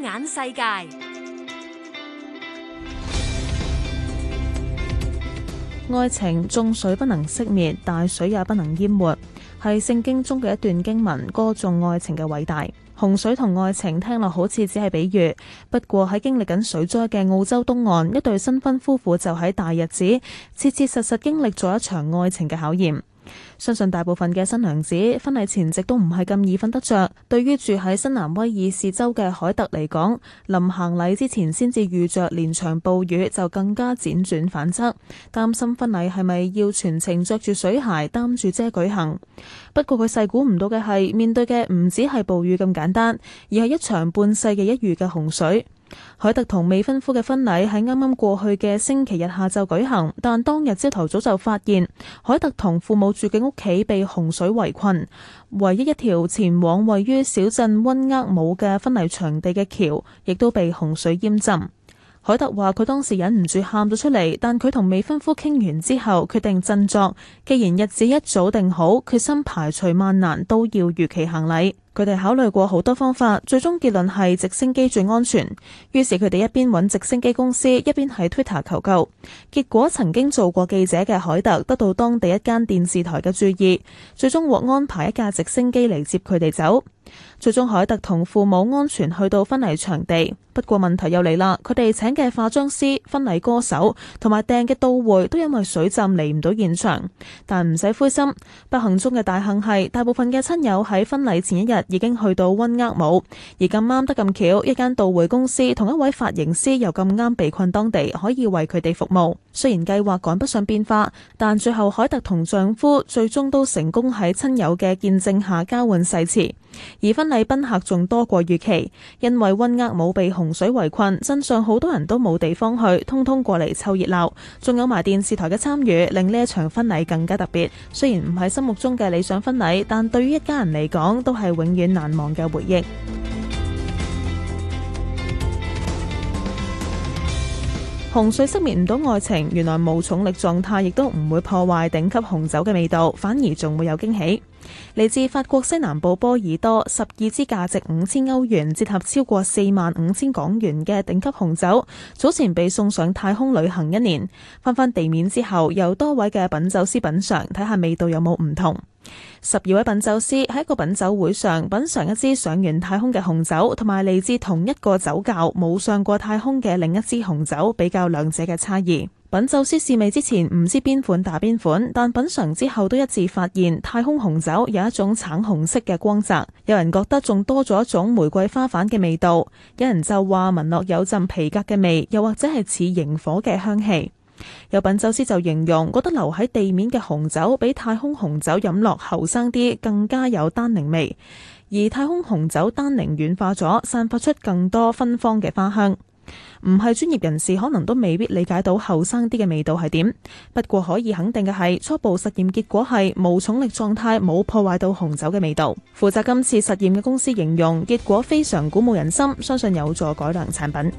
眼世界，愛情眾水不能熄滅，大水也不能淹沒，係聖經中嘅一段經文，歌頌愛情嘅偉大。洪水同愛情聽落好似只係比喻，不過喺經歷緊水災嘅澳洲東岸，一對新婚夫婦就喺大日子，切切實實經歷咗一場愛情嘅考驗。相信大部分嘅新娘子婚禮前夕都唔係咁易瞓得着。對於住喺新南威爾士州嘅凱特嚟講，臨行禮之前先至遇着連場暴雨，就更加輾轉反側，擔心婚禮係咪要全程着住水鞋擔住遮舉行。不過佢細估唔到嘅係，面對嘅唔止係暴雨咁簡單，而係一場半世紀一遇嘅洪水。海特同未婚夫嘅婚禮喺啱啱過去嘅星期日下晝舉行，但當日朝頭早就發現，海特同父母住嘅屋企被洪水圍困，唯一一條前往位於小鎮溫厄姆嘅婚禮場地嘅橋亦都被洪水淹浸。海特話佢當時忍唔住喊咗出嚟，但佢同未婚夫傾完之後，決定振作，既然日子一早定好，決心排除萬難都要如期行禮。佢哋考慮過好多方法，最終結論係直升機最安全。於是佢哋一邊揾直升機公司，一邊喺 Twitter 求救。結果曾經做過記者嘅凱特得到當地一間電視台嘅注意，最終獲安排一架直升機嚟接佢哋走。最終凱特同父母安全去到婚禮場地。不過問題又嚟啦，佢哋請嘅化妝師、婚禮歌手同埋訂嘅到會都因為水浸嚟唔到現場。但唔使灰心，不幸中嘅大幸係大部分嘅親友喺婚禮前一日。已經去到溫厄姆，而咁啱得咁巧，一間到會公司同一位髮型師又咁啱被困當地，可以為佢哋服務。雖然計劃趕不上變化，但最後海特同丈夫最終都成功喺親友嘅見證下交換誓詞。而婚禮賓客仲多過預期，因為溫厄姆被洪水圍困，鎮上好多人都冇地方去，通通過嚟湊熱鬧。仲有埋電視台嘅參與，令呢一場婚禮更加特別。雖然唔係心目中嘅理想婚禮，但對於一家人嚟講，都係永。永遠難忘嘅回憶。洪水熄滅唔到愛情，原來無重力狀態亦都唔會破壞頂級紅酒嘅味道，反而仲會有驚喜。嚟自法國西南部波爾多，十二支價值五千歐元，折合超過四萬五千港元嘅頂級紅酒，早前被送上太空旅行一年，翻返地面之後，有多位嘅品酒師品嘗，睇下味道有冇唔同。十二位品酒師喺一個品酒會上品嘗一支上完太空嘅紅酒，同埋嚟自同一個酒窖冇上過太空嘅另一支紅酒，比較兩者嘅差異。品酒師試味之前唔知邊款打邊款，但品嘗之後都一致發現太空紅酒有一種橙紅色嘅光澤，有人覺得仲多咗一種玫瑰花瓣嘅味道，有人就話聞落有陣皮革嘅味，又或者係似營火嘅香氣。有品酒師就形容，覺得留喺地面嘅紅酒比太空紅酒飲落後生啲，更加有丹寧味；而太空紅酒丹寧軟化咗，散發出更多芬芳嘅花香。唔係專業人士，可能都未必理解到後生啲嘅味道係點。不過可以肯定嘅係，初步實驗結果係無重力狀態冇破壞到紅酒嘅味道。負責今次實驗嘅公司形容，結果非常鼓舞人心，相信有助改良產品。